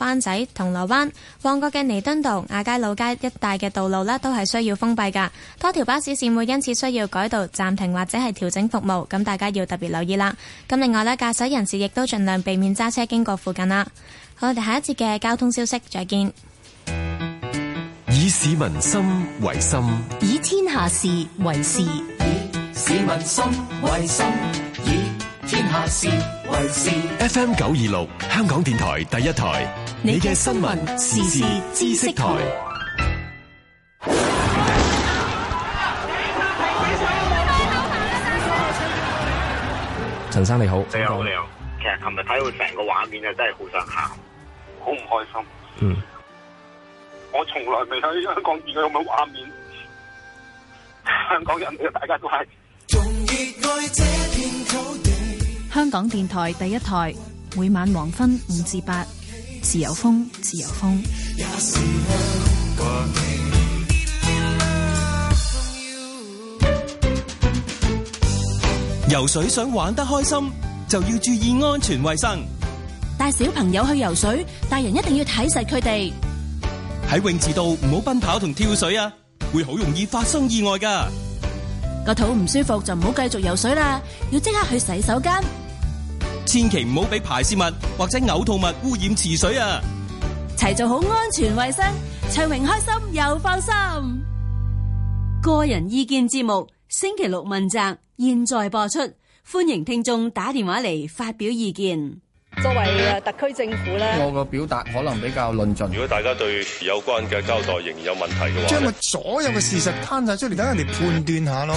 灣仔、銅鑼灣、旺角嘅彌敦道、亞皆老街一帶嘅道路咧，都係需要封閉噶。多條巴士線會因此需要改道、暫停或者係調整服務，咁大家要特別留意啦。咁另外呢，駕駛人士亦都盡量避免揸車經過附近啦。好，我哋下一節嘅交通消息再見。以市民心為心，以天下事為事。以市民心為心，以天下事為事。F M 九二六，香港電台第一台。你嘅新聞時事，聞時事知識台。陳生你好，好你好，你好。其實琴日睇到成個畫面啊，真係好想喊，好唔開心。嗯，我從來未喺香港見過咁嘅畫面。香港人大家都係。香港電台第一台，每晚黃昏五至八。自由風，自由風。也是香港嘅風。游水想玩得開心，就要注意安全衛生。帶小朋友去游水，大人一定要睇實佢哋。喺泳池度唔好奔跑同跳水啊，會好容易發生意外㗎。個肚唔舒服就唔好繼續游水啦，要即刻去洗手間。千祈唔好俾排泄物或者嘔吐物污染池水啊！齊做好安全衛生，暢泳開心又放心。個人意見節目，星期六問責，現在播出，歡迎聽眾打電話嚟發表意見。作為特區政府咧，我嘅表達可能比較論盡。如果大家對有關嘅交代仍然有問題嘅話，將我所有嘅事實攤晒出嚟，等人哋判斷下咯。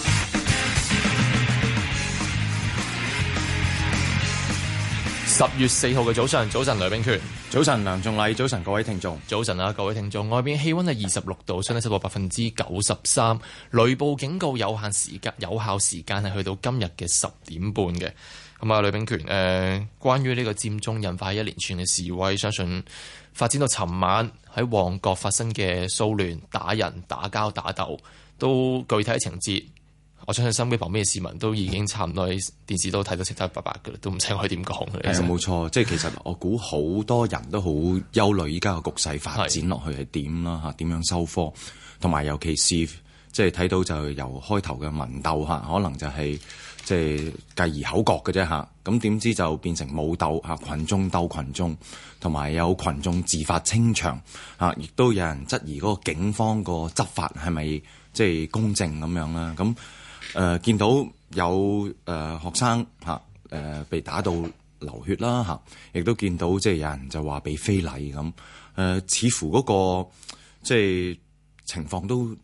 十月四號嘅早上，早晨，呂秉權，早晨梁仲禮，早晨各位聽眾，早晨啊各位聽眾，外邊氣温係二十六度，相對濕度百分之九十三，雷暴警告有限時間有效時間係去到今日嘅十點半嘅。咁、嗯、啊，呂秉權，誒、呃，關於呢個佔中引發一連串嘅示威，相信發展到尋晚喺旺角發生嘅騷亂、打人、打交、打鬥，都具體情節。我相信身邊旁邊嘅市民都已經差唔多喺電視都睇到七七八八嘅啦，都唔使我點講，其實冇錯， 即係其實我估好多人都好憂慮依家個局勢發展落去係點啦嚇，點樣收科，同埋尤其是即係睇到就由開頭嘅文鬥嚇，可能就係、是、即係繼而口角嘅啫嚇，咁點知就變成武鬥嚇，羣眾鬥群眾，同埋有，有群眾自發清場嚇，亦都有人質疑嗰個警方個執法係咪即係公正咁樣啦，咁。誒、呃，見到有誒、呃、學生吓，誒、啊呃、被打到流血啦吓，亦、啊、都見到即係有人就話被非禮咁，誒、啊，似乎嗰、那個即係情況都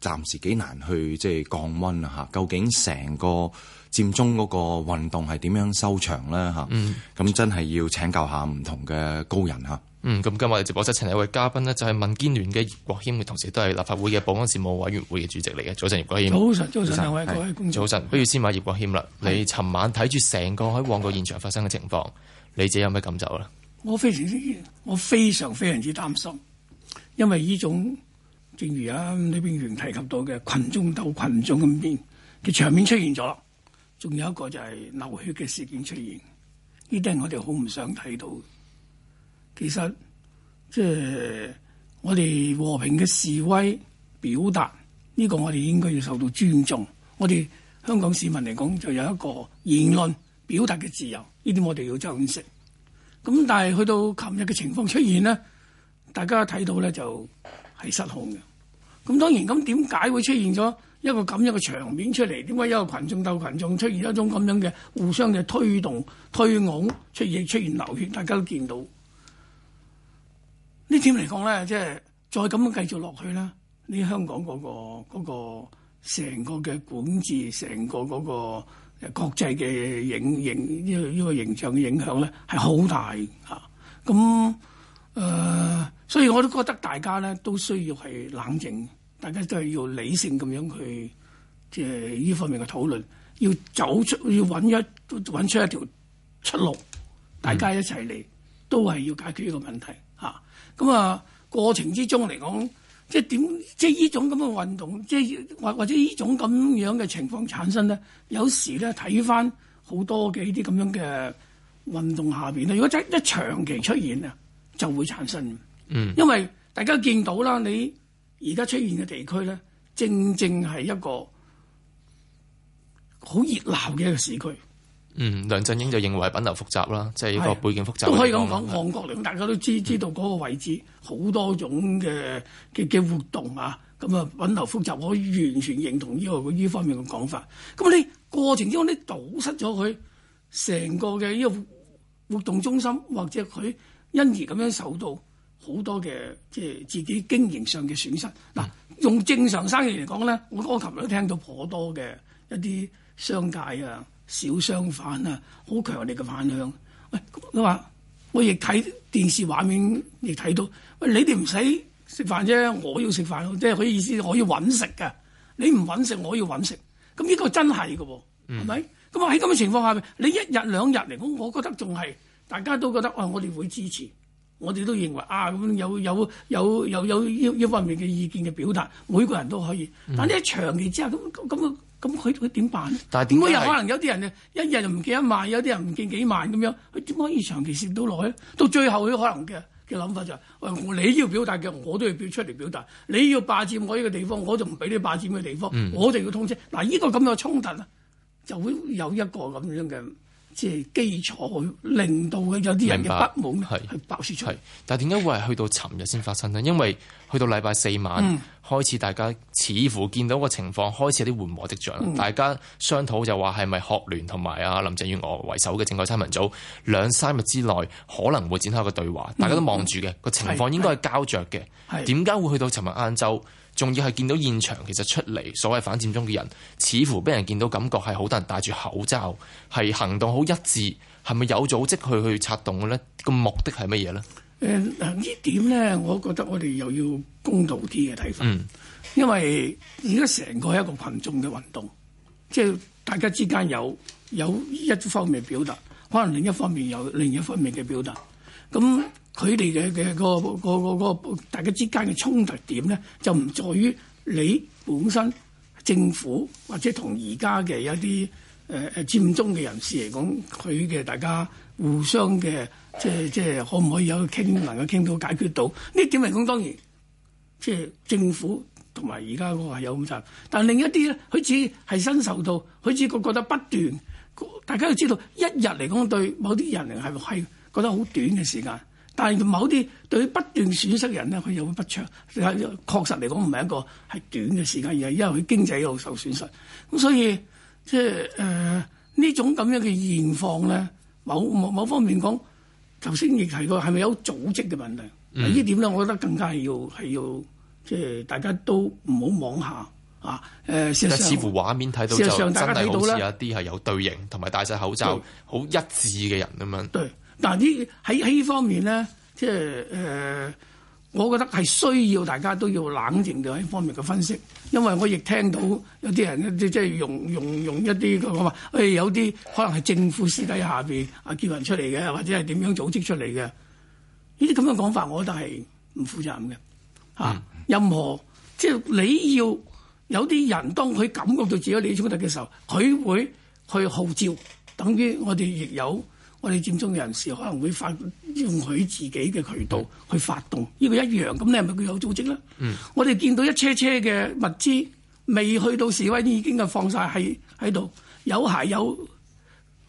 暫時幾難去即係降溫啊吓，究竟成個佔中嗰個運動係點樣收場咧吓？咁、啊嗯、真係要請教下唔同嘅高人吓。啊。嗯，咁今日我哋直播室請嚟一位嘉賓呢就係、是、民建聯嘅葉國謙嘅同時，都係立法會嘅保安事務委員會嘅主席嚟嘅。早晨，葉國謙。早晨，早晨各位早晨。不如先問葉國謙啦，你尋晚睇住成個喺旺角現場發生嘅情況，你自己有咩感受咧？我非常之，我非常非常之擔心，因為呢種正如啊呢邊員提及到嘅群眾鬥群眾咁樣嘅場面出現咗，仲有一個就係流血嘅事件出現，呢啲我哋好唔想睇到。其實即係、呃、我哋和平嘅示威表達呢、這個，我哋應該要受到尊重。我哋香港市民嚟講，就有一個言論表達嘅自由，呢點我哋要珍惜。咁但係去到琴日嘅情況出現呢，大家睇到咧就係失控嘅。咁當然咁點解會出現咗一個咁樣嘅場面出嚟？點解一個群眾鬥群眾出現一種咁樣嘅互相嘅推動推拱，出現出現流血，大家都見到。呢點嚟講咧，即係再咁樣繼續落去咧，呢香港嗰、那個成、那個嘅管治，成個嗰個國際嘅影影呢個呢個形象嘅影響咧，係好大嚇。咁、呃、誒，所以我都覺得大家咧都需要係冷靜，大家都係要理性咁樣去即係呢方面嘅討論，要走出要揾一揾出一條出路，大家一齊嚟、嗯、都係要解決呢個問題。咁啊，過程之中嚟講，即係點，即係呢種咁嘅運動，即係或或者呢種咁樣嘅情況產生咧。有時咧睇翻，好多嘅呢啲咁樣嘅運動下邊咧，如果真係長期出現啊，就會產生。嗯，因為大家見到啦，你而家出現嘅地區咧，正正係一個好熱鬧嘅一個市區。嗯，梁振英就認為品流複雜啦，即係一個背景複雜都可以咁講。韓國嚟，大家都知道知道嗰個位置好、嗯、多種嘅嘅嘅活動啊，咁啊品流複雜，我完全認同呢個呢方面嘅講法。咁你過程之中你堵塞咗佢成個嘅呢個活動中心，或者佢因而咁樣受到好多嘅即係自己經營上嘅損失。嗱、嗯，用正常生意嚟講咧，我我琴日都聽到頗多嘅一啲商界啊。小商販啊，好強烈嘅反響。喂、哎，你話我亦睇電視畫面，亦睇到。喂，你哋唔使食飯啫，我要食飯，即係佢意思，我要揾食嘅。你唔揾食，我要揾食。咁呢個真係㗎喎，係咪、嗯？咁啊喺咁嘅情況下，你一日兩日嚟講，我覺得仲係大家都覺得啊、哎，我哋會支持。我哋都認為啊，咁有有有有有呢方面嘅意見嘅表達，每個人都可以。但係長期之下咁咁。咁佢佢點辦咧？但點解有可能有啲人啊，一日就唔見一萬，有啲人唔見幾萬咁樣，佢點可以長期蝕到落去？到最後佢可能嘅嘅諗法就係、是：，喂，你要表達嘅，我都要表出嚟表達；你要霸佔我呢個地方，我就唔俾你霸佔嘅地方，我哋要通車。嗱、嗯，呢個咁嘅衝突啊，就會有一個咁樣嘅。即係基礎，令到嘅有啲人嘅不滿係爆出出嚟。但係點解會係去到尋日先發生呢？因為去到禮拜四晚、嗯、開始，大家似乎見到個情況開始有啲緩和跡象、嗯，大家商討就話係咪學聯同埋啊林鄭月娥為首嘅政改三人組兩三日之內可能會展開一個對話，嗯、大家都望住嘅個情況應該係膠着嘅。點、嗯、解會去到尋日晏晝？仲要係見到現場，其實出嚟所謂反佔中嘅人，似乎俾人見到感覺係好多人戴住口罩，係行動好一致，係咪有組織去去策動嘅咧？個目的係乜嘢咧？誒、呃，嗱呢點咧，我覺得我哋又要公道啲嘅睇法。嗯，因為而家成個係一個群眾嘅運動，即係大家之間有有一方面嘅表達，可能另一方面有另一方面嘅表達，咁、嗯。佢哋嘅嘅個個,個,個大家之間嘅衝突點咧，就唔在於你本身政府或者同而家嘅一啲誒誒佔中嘅人士嚟講，佢嘅大家互相嘅即係即係可唔可以有傾能夠傾到解決到呢點嚟講，當然即係、呃、政府同埋而家嗰個係有咁雜，但另一啲咧，佢只係新受到，佢只覺覺得不斷。大家要知道，一日嚟講對某啲人係係覺得好短嘅時間。但係某啲對於不斷損失嘅人咧，佢有個不祥，係確實嚟講唔係一個係短嘅時間，而係因為佢經濟又受損失。咁所以即係誒呢種咁樣嘅現況咧，某某某方面講，頭先亦提到係咪有組織嘅問題？嗯、這點呢點咧，我覺得更加係要係要即係大家都唔好妄下啊！誒、呃，事實上，事實上大家睇到咧，有一啲係有隊形同埋戴晒口罩、好一致嘅人咁樣。對。但係呢喺呢方面咧，即係誒我覺得係需要大家都要冷靜嘅喺呢方面嘅分析，因為我亦聽到有啲人咧即係用用用一啲個講法，誒、哎、有啲可能係政府私底下邊啊叫人出嚟嘅，或者係點樣組織出嚟嘅，呢啲咁嘅講法，我覺得係唔負責任嘅啊，任何即係、就是、你要有啲人當佢感覺到自己利益沖突嘅時候，佢會去號召，等於我哋亦有。我哋佔中人士可能會發用佢自己嘅渠道去發動，呢、這個一樣咁，你係咪佢有組織咧、嗯？我哋見到一車車嘅物資未去到示威，已經嘅放晒喺喺度，有鞋有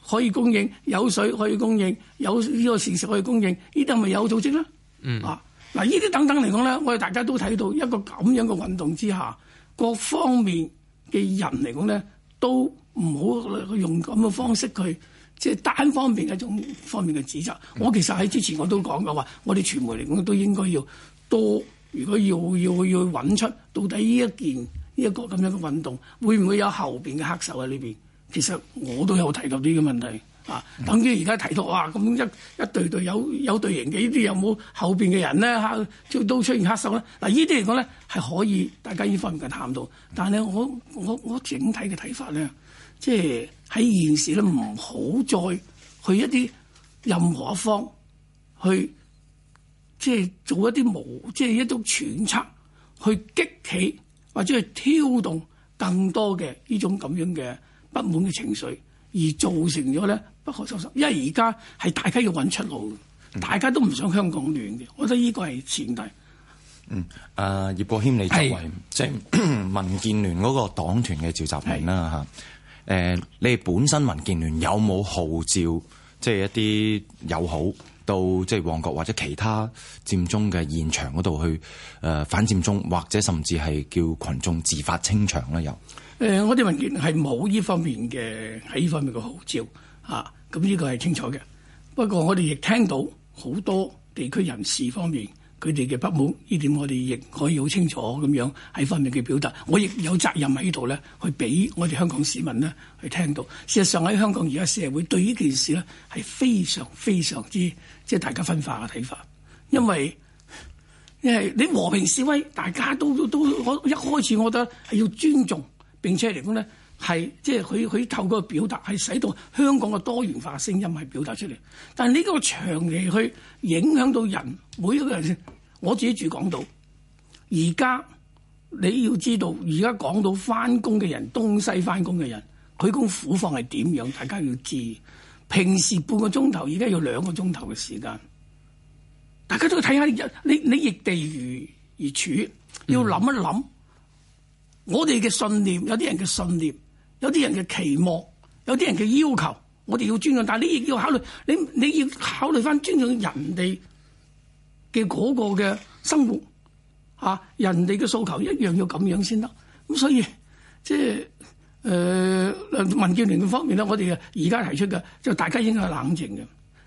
可以供應，有水可以供應，有呢個事實可以供應，呢啲係咪有組織咧、嗯？啊，嗱，呢啲等等嚟講咧，我哋大家都睇到一個咁樣嘅運動之下，各方面嘅人嚟講咧，都唔好用咁嘅方式去。即係單方面一種方面嘅指責。我其實喺之前我都講過話，我哋傳媒嚟講都應該要多，如果要要要搵出到底呢一件呢一個咁樣嘅運動，會唔會有後邊嘅黑手喺裏邊？其實我都有提及呢個問題、嗯、啊。等於而家提到啊，咁一一隊隊有有隊形嘅呢啲，有冇後邊嘅人咧嚇？都都出現黑手咧？嗱，呢啲嚟講咧係可以大家呢方面嘅探討，但係我我我整體嘅睇法咧，即係。喺現時咧，唔好再去一啲任何一方去，即係做一啲無，即係一種揣測，去激起或者去挑動更多嘅呢種咁樣嘅不滿嘅情緒，而造成咗咧不可收拾。因為而家係大家要揾出路、嗯，大家都唔想香港亂嘅。我覺得呢個係前提。嗯，啊，葉國謙你作為即係、就是、民建聯嗰個黨團嘅召集人啦嚇。誒、呃，你哋本身民建聯有冇號召，即、就、係、是、一啲友好到即係旺角或者其他佔中嘅現場嗰度去誒、呃、反佔中，或者甚至係叫群眾自發清場咧？有、呃、誒，我哋民建聯係冇呢方面嘅喺呢方面嘅號召啊，咁呢個係清楚嘅。不過我哋亦聽到好多地區人士方面，佢哋嘅不滿，呢點，我哋亦可以好清楚咁樣喺方面嘅表達，我亦有責任喺呢度咧，去俾我哋香港市民咧去聽到。事實上喺香港而家社會對呢件事咧係非常非常之即係大家分化嘅睇法，因為，因為你和平示威大家都都我一開始我覺得係要尊重，並且嚟講咧係即係佢佢透過表達係使到香港嘅多元化聲音係表達出嚟。但係呢個長期去影響到人每一個人。我自己住港島，而家你要知道，而家港島翻工嘅人，東西翻工嘅人，佢個苦況係點樣？大家要知道，平時半個鐘頭，而家要兩個鐘頭嘅時間，大家都睇下。你你你逆地而而處，要諗一諗、嗯。我哋嘅信念，有啲人嘅信念，有啲人嘅期望，有啲人嘅要求，我哋要尊重。但係你亦要考慮，你你要考慮翻尊重人哋。嘅、那、嗰個嘅生活嚇，人哋嘅訴求一樣要咁樣先得。咁所以即係誒民建聯嘅方面咧，我哋而家提出嘅就大家應該冷靜嘅，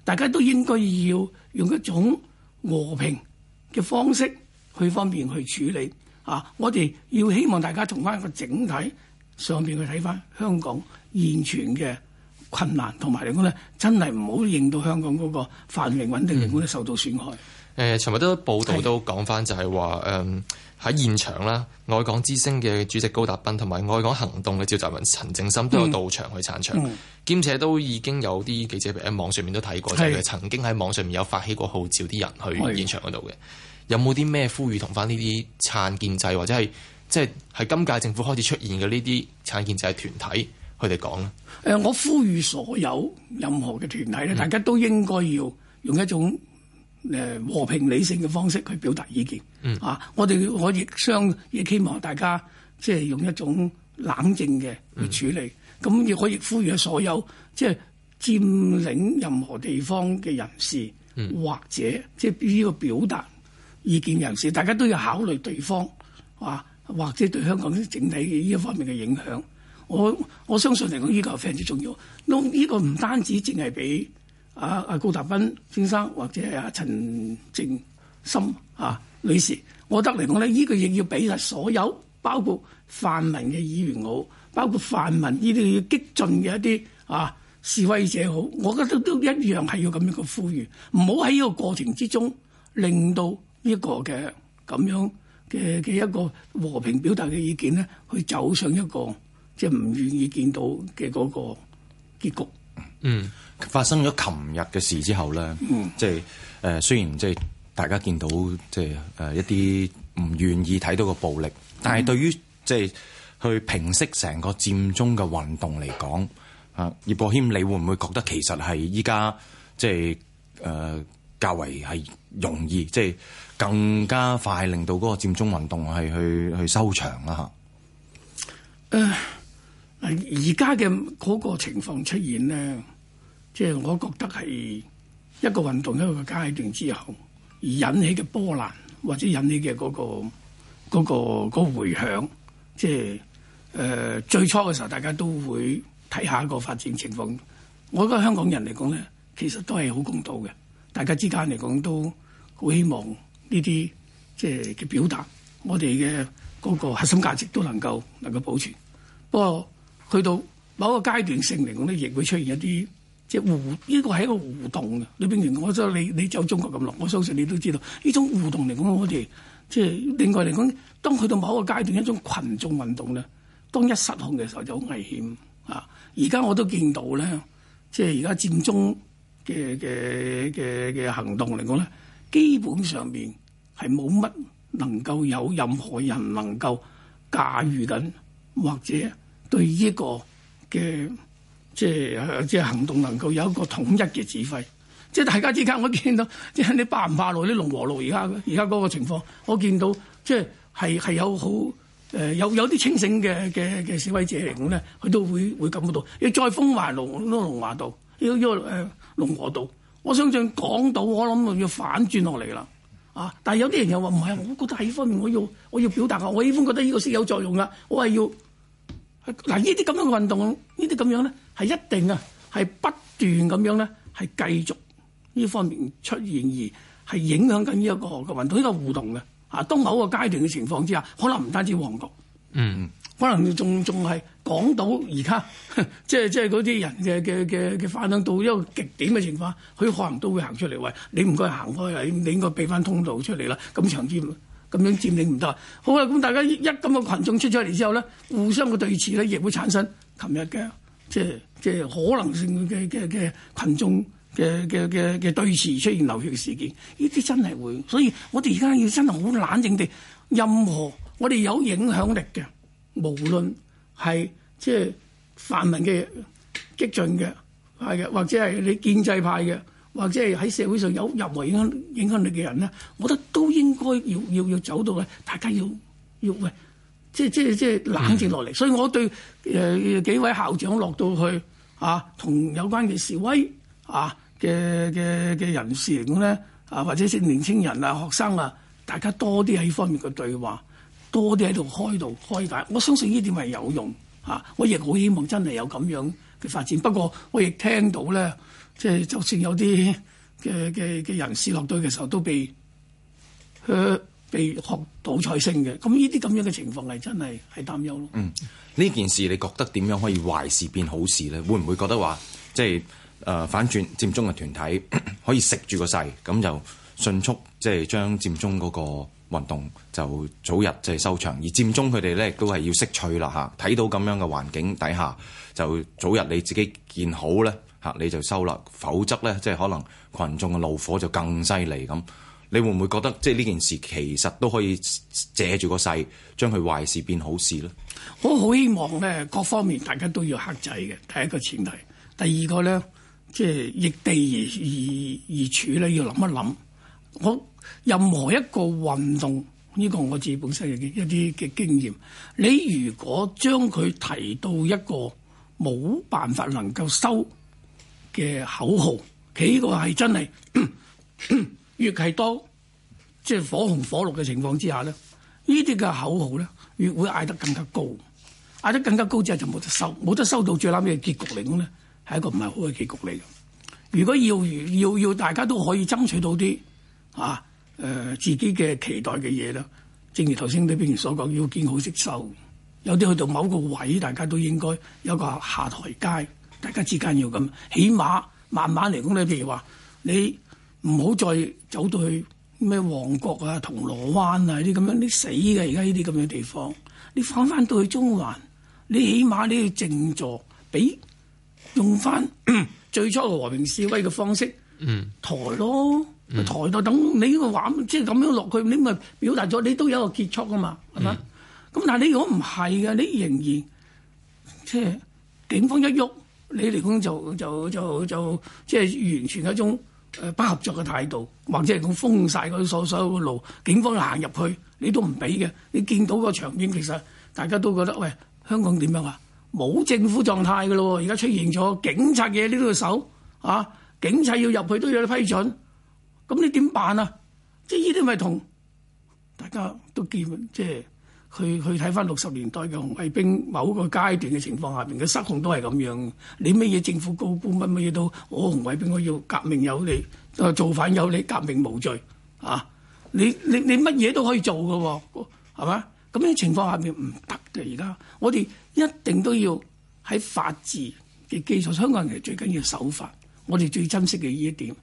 大家都應該要用一種和平嘅方式去方便去處理啊！我哋要希望大家從翻一個整體上邊去睇翻香港現存嘅困難，同埋嚟講咧，真係唔好令到香港嗰個繁榮穩定嚟講咧受到損害。嗯誒、呃，尋日都報道都講翻，就係話誒喺現場啦，愛港之星嘅主席高達斌同埋愛港行動嘅召集人、陳正心都有到場去撐場，兼、嗯、且都已經有啲記者喺網上面都睇過，就係、是、曾經喺網上面有發起過號召啲人去現場嗰度嘅。有冇啲咩呼籲同翻呢啲撐建制或者係即係今屆政府開始出現嘅呢啲撐建制團體佢哋講咧？誒，我呼籲所有任何嘅團體咧、嗯，大家都應該要用一種。和平理性嘅方式去表達意見，嗯、啊！我哋我亦相亦希望大家即係用一種冷靜嘅，去處理，咁、嗯、亦可以呼籲所有即係佔領任何地方嘅人士，嗯、或者即係呢個表達意見人士，大家都要考慮對方啊，或者對香港整體嘅呢一方面嘅影響。我我相信嚟講呢個係非常之重要。都、no, 呢個唔單止淨係俾。阿、啊、阿高達芬先生或者阿、啊、陳靜心啊女士，我覺得嚟講咧，呢、這個亦要俾晒所有，包括泛民嘅議員好，包括泛民呢啲要激進嘅一啲啊示威者好，我覺得都一樣係要咁樣嘅呼籲，唔好喺呢個過程之中令到一個嘅咁樣嘅嘅一,一個和平表達嘅意見咧，去走上一個即係唔願意見到嘅嗰個結局。嗯。發生咗琴日嘅事之後咧，即係誒，雖然即係大家見到即係誒一啲唔願意睇到個暴力，嗯、但係對於即係去平息成個佔中嘅運動嚟講，啊，葉國謙，你會唔會覺得其實係依家即係誒較為係容易，即係更加快令到嗰個佔中運動係去去收場啦？嚇、呃！誒，而家嘅嗰個情況出現咧。即係我覺得係一個運動一個階段之後而引起嘅波瀾或者引起嘅嗰個嗰個嗰個迴響，即係誒最初嘅時候，大家都會睇下一個發展情況，我覺得香港人嚟講咧，其實都係好公道嘅，大家之間嚟講都好希望呢啲即係嘅表達我哋嘅嗰個核心價值都能夠能夠保存。不過去到某一個階段性嚟講咧，亦會出現一啲。即係互呢個係一個互動嘅，呂秉權，我就你你走中國咁耐，我相信你都知道呢種互動嚟講，我哋即係另外嚟講，當去到某個階段一種群眾運動咧，當一失控嘅時候就好危險啊！而家我都見到咧，即係而家佔中嘅嘅嘅嘅行動嚟講咧，基本上面係冇乜能夠有任何人能夠駕馭緊，或者對呢個嘅。即係即係行動能夠有一個統一嘅指揮，即係大家之間，我見到即係你霸唔霸路啲龍和路而家而家嗰個情況，我見到即係係有好誒、呃、有有啲清醒嘅嘅嘅示威者嚟講咧，佢都會會感覺到要再封埋龍龍個龍華道，要要誒、呃、龍和道，我相信港島我諗要反轉落嚟啦，啊！但係有啲人又話唔係，我覺得喺方面我要我要表達我呢方覺得呢個先有作用啊，我係要嗱呢啲咁樣嘅運動，這這呢啲咁樣咧。係一定啊，係不斷咁樣咧，係繼續呢方面出現而係影響緊呢一個韓國運動呢個互動嘅啊。當某個階段嘅情況之下，可能唔單止旺角，嗯，可能仲仲係講到而家即係即係嗰啲人嘅嘅嘅嘅反應到一個極點嘅情況，佢可能都會行出嚟，喂，你唔該行開啊，你應該俾翻通道出嚟啦。咁長啲，咁樣佔領唔得，好啊。咁大家一咁嘅群眾出咗嚟之後咧，互相嘅對峙咧，亦會產生琴日嘅。即係即係可能性嘅嘅嘅群眾嘅嘅嘅嘅對峙，出現流血事件，呢啲真係會，所以我哋而家要真係好冷靜地，任何我哋有影響力嘅，無論係即係泛民嘅激進嘅，係嘅，或者係你建制派嘅，或者係喺社會上有任何影響影響力嘅人咧，我覺得都應該要要要走到嘅，大家要要嘅。即即即冷靜落嚟，所以我對誒、呃、幾位校長落到去啊，同有關嘅示威啊嘅嘅嘅人士嚟講咧啊，或者啲年輕人啊、學生啊，大家多啲喺呢方面嘅對話，多啲喺度開導開解。我相信呢點係有用嚇、啊。我亦好希望真係有咁樣嘅發展。不過我亦聽到咧，即係就算有啲嘅嘅嘅人士落到嘅時候，都被，呃被學倒彩聲嘅，咁呢啲咁樣嘅情況係真係係擔憂咯。嗯，呢件事你覺得點樣可以壞事變好事咧？會唔會覺得話即係反轉佔中嘅團體 可以食住個勢，咁就迅速即係將佔中嗰個運動就早日即係收場。而佔中佢哋咧都係要識趣啦，睇到咁樣嘅環境底下，就早日你自己見好咧，你就收啦。否則咧，即係可能群眾嘅怒火就更犀利咁。你會唔會覺得，即係呢件事其實都可以借住個勢，將佢壞事變好事咧？我好希望咧，各方面大家都要克制嘅，第一個前提，第二個呢，即係逆地而而而處咧，要諗一諗。我任何一個運動，呢個我自己本身嘅一啲嘅經驗，你如果將佢提到一個冇辦法能夠收嘅口號，佢呢個係真係。咳咳越係多即係火紅火綠嘅情況之下咧，呢啲嘅口號咧，越會嗌得更加高，嗌得更加高之後就冇得收，冇得收到最尾嘅結局嚟講咧，係一個唔係好嘅結局嚟嘅。如果要要要大家都可以爭取到啲啊、呃、自己嘅期待嘅嘢咧，正如頭先你譬如所講，要見好識收，有啲去到某個位，大家都應該有個個下台階，大家之間要咁，起碼慢慢嚟講你譬如話你。唔好再走到去咩旺角啊、銅鑼灣啊啲咁樣啲死嘅而家呢啲咁樣地方，你翻翻到去中環，你起碼你要靜坐，俾用翻 最初和平示威嘅方式，抬咯，抬到等你呢個話，即係咁樣落去，你咪表達咗，你都有一個結束噶嘛，係、嗯、嘛？咁但係你如果唔係嘅，你仍然即係、就是、警方一喐，你嚟講就就就就即係、就是、完全一種，誒不合作嘅態度，或者係咁封晒嗰啲所有路，警方行入去你都唔俾嘅。你見到個場景，其實大家都覺得喂，香港點樣啊？冇政府狀態嘅咯，而家出現咗警察嘢呢度守啊，警察要入去都要有啲批准，咁你點辦啊？即係呢啲咪同大家都見即係。就是去睇翻六十年代嘅紅衛兵某個階段嘅情況下面，佢失控都係咁樣。你乜嘢政府高官乜乜嘢都，我紅衛兵我要革命有理，做造反有理，革命無罪啊！你你你乜嘢都可以做㗎喎，係嘛？咁樣情況下面唔得嘅。而家我哋一定都要喺法治嘅基礎上，香港人其實最緊要守法，我哋最珍惜嘅呢一點。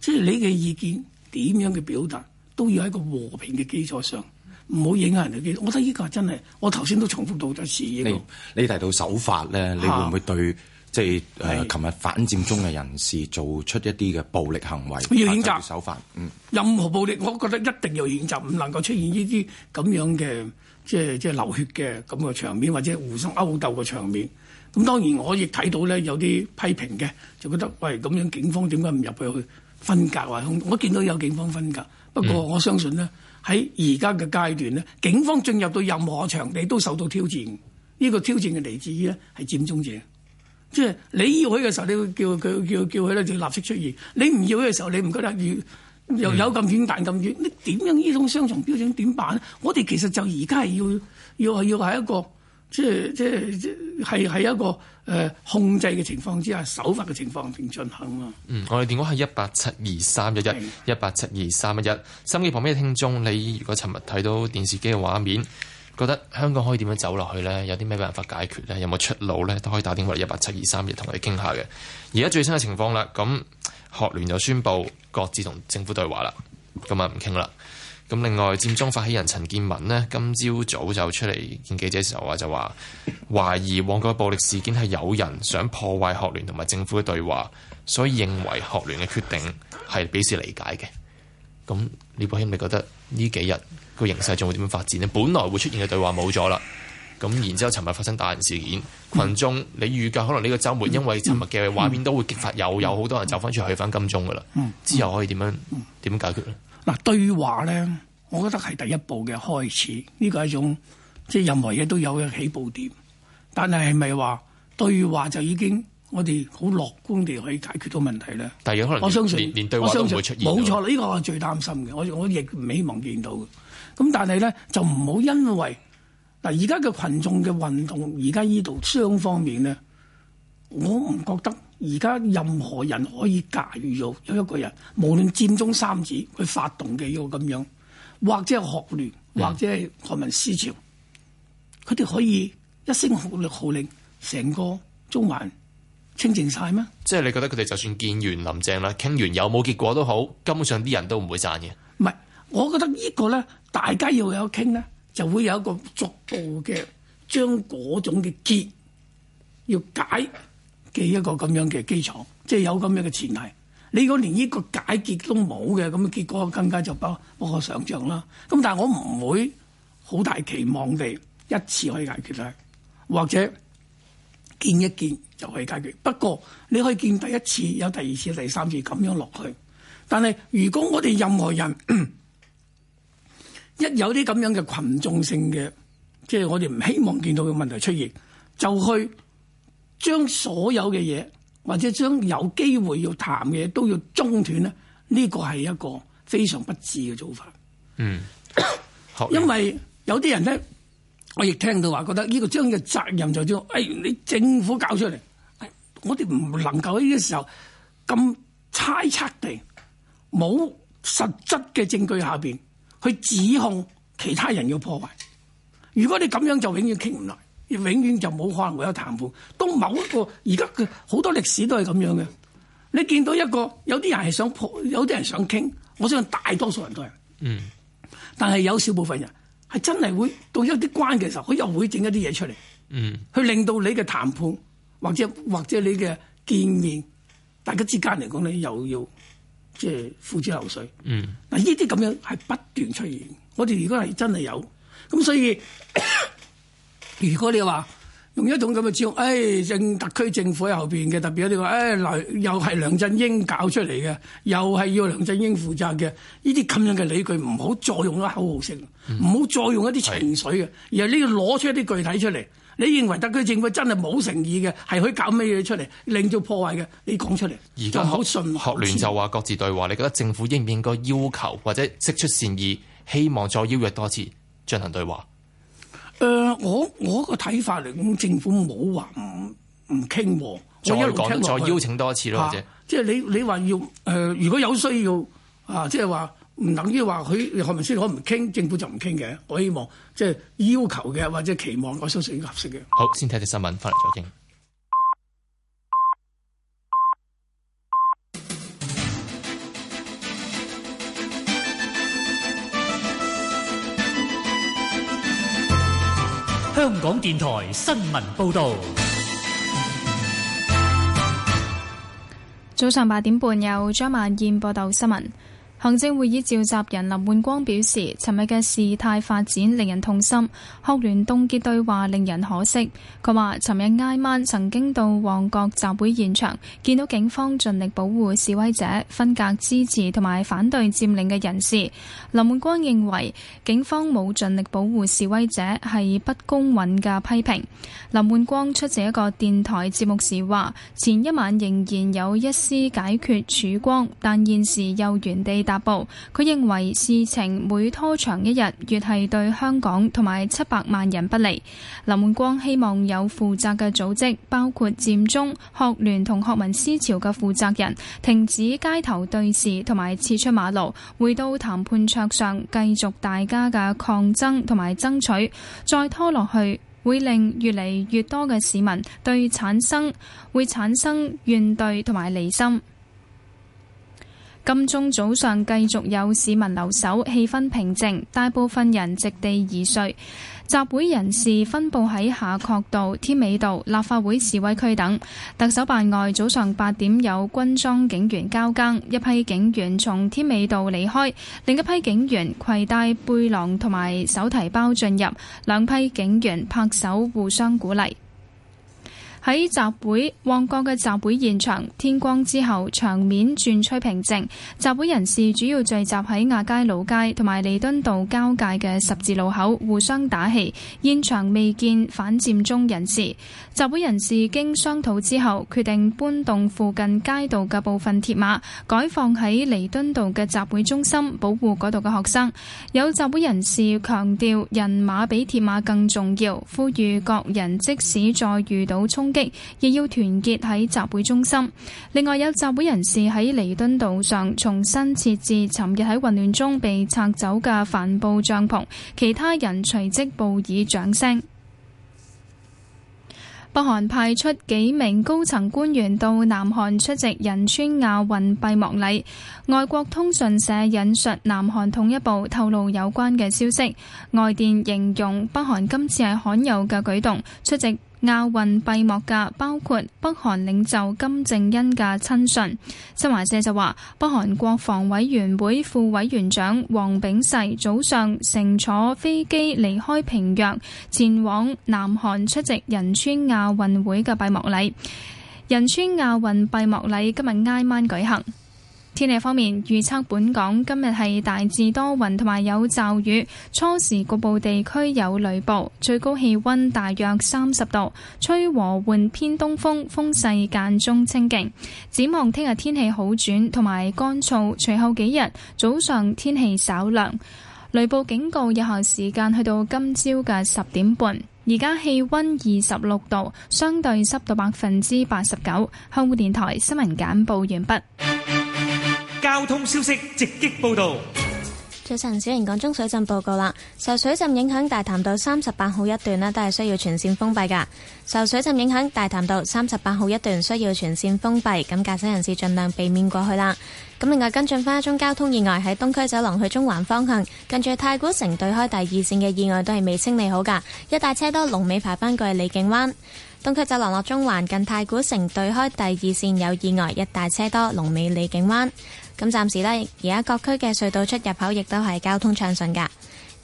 即係你嘅意見點樣嘅表達，都要喺個和平嘅基礎上。唔好影響人哋，我覺得呢個真係，我頭先都重複到咗次、這個。你你提到手法咧，你會唔會對、啊、即係誒？琴、呃、日反佔中嘅人士做出一啲嘅暴力行為？要譴責手法，嗯，任何暴力，我覺得一定要譴責，唔能夠出現呢啲咁樣嘅即係即係流血嘅咁嘅場面，或者互相勾鬥嘅場面。咁當然我亦睇到咧有啲批評嘅，就覺得喂，咁樣警方點解唔入去去分隔啊？我見到有警方分隔，不過我相信呢。嗯喺而家嘅階段咧，警方進入到任何場地都受到挑戰。呢個挑戰嘅嚟自咧係佔中者，即係你要佢嘅時候，你叫佢叫叫佢咧就立即出現；你唔要佢嘅時候，你唔覺得又有咁遠、彈、咁遠，遠，你點樣呢種雙重標準點辦咧？我哋其實就而家要要係要係一個。即係即係，係、就、係、是、一個誒、呃、控制嘅情況之下，手法嘅情況並進行啊！嗯，我哋電話係一八七二三一一一八七二三一一。收音機旁邊嘅聽眾，你如果尋日睇到電視機嘅畫面，覺得香港可以點樣走落去咧？有啲咩辦法解決咧？有冇出路咧？都可以打電話嚟一八七二三一，同佢哋傾下嘅。而家最新嘅情況啦，咁學聯就宣布各自同政府對話啦。今晚唔傾啦。咁另外佔中發起人陳健民？咧，今朝早就出嚟見記者時候啊，就話懷疑旺角暴力事件係有人想破壞學聯同埋政府嘅對話，所以認為學聯嘅決定係表示理解嘅。咁呂秉權，你覺得呢幾日個形勢仲會點樣發展咧？本來會出現嘅對話冇咗啦，咁然之後尋日發生打人事件，群眾，你預計可能呢個周末因為尋日嘅畫面都會激發又有好多人走翻出去翻金鐘噶啦，之後可以點樣點樣解決咧？嗱，對話咧，我覺得係第一步嘅開始，呢個係一種即係任何嘢都有嘅起步點，但係係咪話對話就已經我哋好樂觀地去解決到問題咧？但係有可能，我相信連，連對話都唔會出現。冇錯啦，呢個係最擔心嘅，我我亦唔希望見到嘅。咁但係咧，就唔好因為嗱，而家嘅群眾嘅運動，而家呢度雙方面咧，我唔覺得。而家任何人可以駕馭到？有一個人，無論佔中三子，去發動嘅呢個咁樣，或者係學聯或者係學民思潮，嗯、佢哋可以一聲號令，號令成個中環清淨晒咩？即係你覺得佢哋就算見完林鄭啦，傾完有冇結果都好，根本上啲人都唔會讚嘅。唔係，我覺得呢個咧，大家要有傾咧，就會有一個逐步嘅將嗰種嘅結要解嘅一個咁樣嘅基礎，即係、就是、有咁樣嘅前提。你如果連呢個解決都冇嘅咁嘅結果，更加就不不可想像啦。咁但係我唔會好大期望地一次可以解決啦，或者見一見就可以解決。不過你可以見第一次，有第二次、第三次咁樣落去。但係如果我哋任何人 一有啲咁樣嘅群眾性嘅，即、就、係、是、我哋唔希望見到嘅問題出現，就去。將所有嘅嘢，或者將有機會要談嘅嘢都要中斷咧，呢個係一個非常不智嘅做法。嗯，好 因為有啲人咧，我亦聽到話覺得呢個將嘅責任就將、是、哎你政府搞出嚟，我哋唔能夠喺呢個時候咁猜測地，冇實質嘅證據下邊去指控其他人要破壞，如果你咁樣就永遠傾唔落。永遠就冇可能會有談判。當某一個而家嘅好多歷史都係咁樣嘅。你見到一個有啲人係想破，有啲人想傾。我相信大多數人都係。嗯。但係有少部分人係真係會到一啲關嘅時候，佢又會整一啲嘢出嚟。嗯。去令到你嘅談判或者或者你嘅見面，大家之間嚟講你又要即係付之流水。嗯。嗱，呢啲咁樣係不斷出現。我哋如果係真係有咁，所以。 如果你話用一種咁嘅招，誒、哎、政特區政府喺後邊嘅特別有啲話，誒、哎、又係梁振英搞出嚟嘅，又係要梁振英負責嘅，呢啲咁樣嘅理據唔好再用咗口號性，唔好再用一啲情緒嘅，嗯、而係你要攞出一啲具體出嚟。你認為特區政府真係冇誠意嘅，係可以搞咩嘢出嚟，令到破壞嘅，你講出嚟。而家好學順口學聯就話各自對話，你覺得政府應唔應該要求或者釋出善意，希望再邀約多次進行對話？誒、呃，我我個睇法，嚟講，咁政府冇話唔唔傾，我一路講再邀請多次咯，或者，啊、即係你你話要誒、呃，如果有需要啊，即係話唔等於話佢何文先生我唔傾，政府就唔傾嘅。我希望即係、就是、要求嘅，或者期望，我相信合適嘅。好，先睇啲新聞，翻嚟再傾。香港電台新聞報道。早上八點半，有張曼燕報道新聞。行政會議召集人林煥光表示，尋日嘅事態發展令人痛心，學聯凍結對話令人可惜。佢話：尋日挨晚曾經到旺角集會現場，見到警方盡力保護示威者，分隔支持同埋反對佔領嘅人士。林煥光認為警方冇盡力保護示威者係不公允嘅批評。林煥光出席一個電台節目時話：前一晚仍然有一絲解決曙光，但現時又原地打。發布，佢認為事情每拖長一日，越係對香港同埋七百萬人不利。林煥光希望有負責嘅組織，包括佔中、學聯同學民思潮嘅負責人，停止街頭對峙同埋撤出馬路，回到談判桌上，繼續大家嘅抗爭同埋爭取。再拖落去，會令越嚟越多嘅市民對產生會產生怨懟同埋離心。金鐘早上繼續有市民留守，氣氛平靜，大部分人席地而睡。集會人士分佈喺夏慤道、添美道、立法會示威區等特首辦外。早上八點有軍裝警員交更，一批警員從添美道離開，另一批警員攜帶背囊同埋手提包進入，兩批警員拍手互相鼓勵。喺集會旺角嘅集會現場，天光之後場面轉趨平靜，集會人士主要聚集喺亞皆老街同埋彌敦道交界嘅十字路口，互相打氣，現場未見反佔中人士。集會人士經商討之後決定搬動附近街道嘅部分鐵馬，改放喺彌敦道嘅集會中心，保護嗰度嘅學生。有集會人士強調人馬比鐵馬更重要，呼籲各人即使再遇到衝。亦要團結喺集會中心。另外有集會人士喺彌敦道上重新設置尋日喺混亂中被拆走嘅帆布帳篷，其他人隨即報以掌聲。北韓派出幾名高層官員到南韓出席仁川亞運閉幕禮。外國通訊社引述南韓統一部透露有關嘅消息，外電形容北韓今次係罕有嘅舉動，出席亞運閉幕噶，包括北韓領袖金正恩嘅親信。新華社就話，北韓國防委員會副委員長黃炳誓早上乘坐飛機離開平壤，前往南韓出席仁川亞運會嘅閉幕禮。仁川亞運閉幕禮今日挨晚舉行。天氣方面，預測本港今日係大致多雲，同埋有驟雨，初時局部地區有雷暴，最高氣溫大約三十度，吹和緩偏東風，風勢間中清勁。展望聽日天氣好轉，同埋乾燥。隨後幾日早上天氣稍涼，雷暴警告有效時間去到今朝嘅十點半。而家氣溫二十六度，相對濕度百分之八十九。香港電台新聞簡報完畢。交通消息直擊報道。最早晨，小型講中水浸報告啦。受水浸影響，大潭道三十八號一段都係需要全線封閉噶。受水浸影響，大潭道三十八號一段需要全線封閉，咁駕駛人士盡量避免過去啦。咁另外跟進翻一宗交通意外喺東區走廊去中環方向，近住太古城對開第二線嘅意外都係未清理好噶。一大車多龍尾排翻過去，李景灣東區走廊落中環近太古城對開第二線有意外，一大車多龍尾李景灣。咁暫時呢，而家各區嘅隧道出入口亦都係交通暢順噶。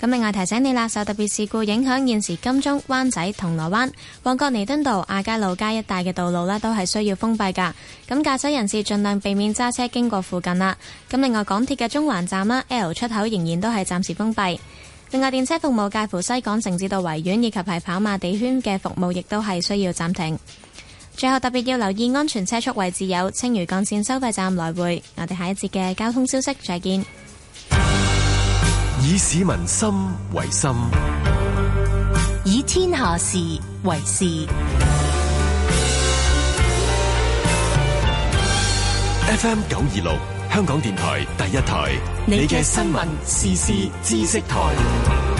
咁另外提醒你啦，受特別事故影響，現時金鐘、灣仔、銅鑼灣、旺角彌敦道、亞皆老街一帶嘅道路呢，都係需要封閉噶。咁駕駛人士盡量避免揸車經過附近啦。咁另外，港鐵嘅中環站啦 L 出口仍然都係暫時封閉。另外，電車服務介乎西港城至到維園以及係跑馬地圈嘅服務，亦都係需要暫停。最後特別要留意安全車速位置，有青嶼幹線收費站來回。我哋下一節嘅交通消息再見。以市民心為心，以天下事為事。FM 九二六，香港電台第一台，你嘅新聞時事知識台。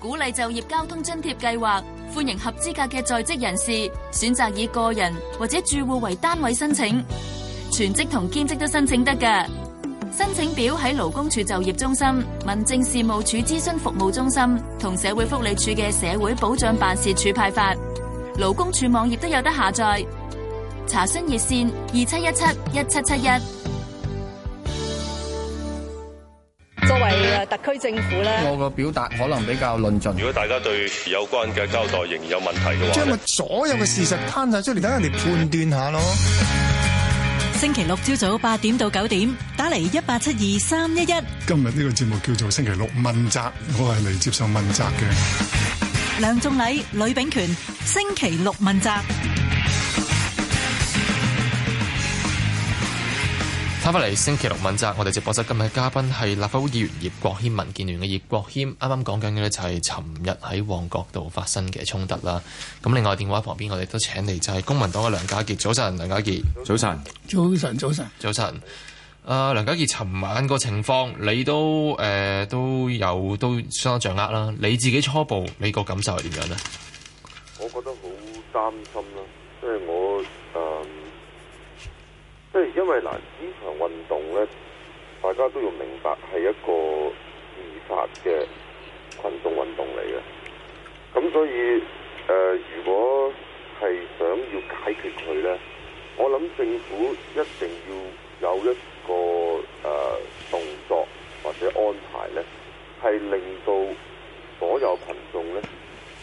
鼓勵就業交通津貼計劃，歡迎合資格嘅在職人士選擇以個人或者住戶為單位申請，全職同兼職都申請得㗎。申請表喺勞工處就業中心、民政事務處諮詢服務中心同社會福利署嘅社會保障辦事處派發，勞工處網頁都有得下載，查詢熱線二七一七一七七一。作為特區政府咧，okay. 我個表達可能比較論盡。如果大家對有關嘅交代仍然有問題嘅話，將我所有嘅事實攤晒出嚟，等、嗯、人哋判斷下咯、嗯。星期六朝早八點到九點，打嚟一八七二三一一。今日呢個節目叫做星期六問責，我係嚟接受問責嘅。梁仲禮、呂秉權，星期六問責。翻嚟星期六問責，我哋直播室今日嘅嘉賓係立法會議員葉國謙，民建聯嘅葉國謙，啱啱講緊嘅呢就係尋日喺旺角度發生嘅衝突啦。咁另外電話旁邊我哋都請嚟就係公民黨嘅梁家傑，早晨，梁家傑，早晨，早晨，早晨，早晨。啊，梁家傑，尋晚個情況你都誒、呃、都有都相當掌握啦。你自己初步你個感受係點樣呢？我覺得好擔心囉，即係。即係因為嗱，場運呢場運動咧，大家都要明白係一個自發嘅群眾運動嚟嘅。咁所以誒、呃，如果係想要解決佢咧，我諗政府一定要有一個誒、呃、動作或者安排咧，係令到所有群眾咧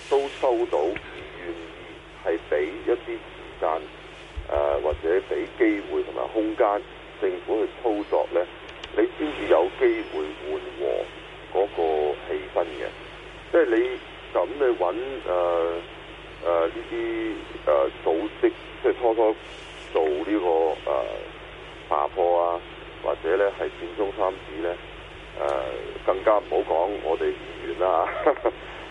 都收到願意係俾一啲時間。誒或者俾機會同埋空間政府去操作咧，你先至有機會緩和嗰個氣氛嘅。即係你咁去揾誒誒呢啲誒組織，即係初初做呢、這個誒爆、呃、破啊，或者咧係佔中三子咧、呃、更加唔好講我哋議員啦。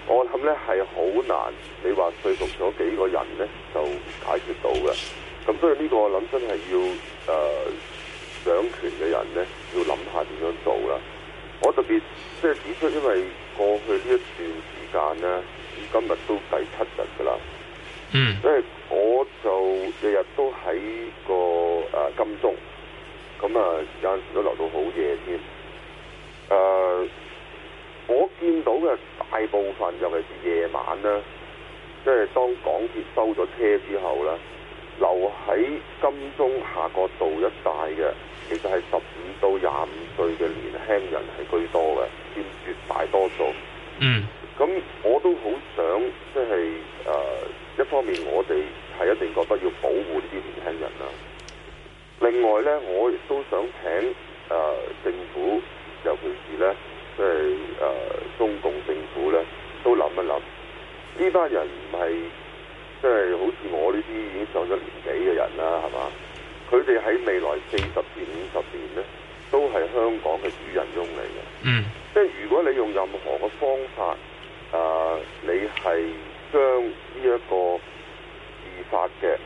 我諗咧係好難，你話說，說服咗幾個人咧就解決到嘅。咁所以呢個我諗真係要誒掌權嘅人咧，要諗下點樣做啦。我特別即係指出，因為過去呢一段時間咧，而今日都第七日噶啦。嗯。因為我就日日都喺個誒金鐘，咁啊有陣時都留到好夜添。誒，我見到嘅大部分，尤其是夜晚咧，即係當港鐵收咗車之後咧。留喺金鐘夏慤道一帶嘅，其實係十五到廿五歲嘅年輕人係居多嘅，佔絕大多數。嗯，咁我都好想即係、就是呃、一方面我哋係一定覺得要保護呢啲年輕人啦。另外呢，我亦都想請誒、呃、政府，尤其是呢即係誒中共政府呢都諗一諗呢班人唔係，即係好似我呢啲已經上咗年紀嘅人啦，係嘛？佢哋喺未來四十至五十年咧，都係香港嘅主人翁嚟嘅。嗯。即係如果你用任何嘅方法，啊、呃，你係將呢一個自發嘅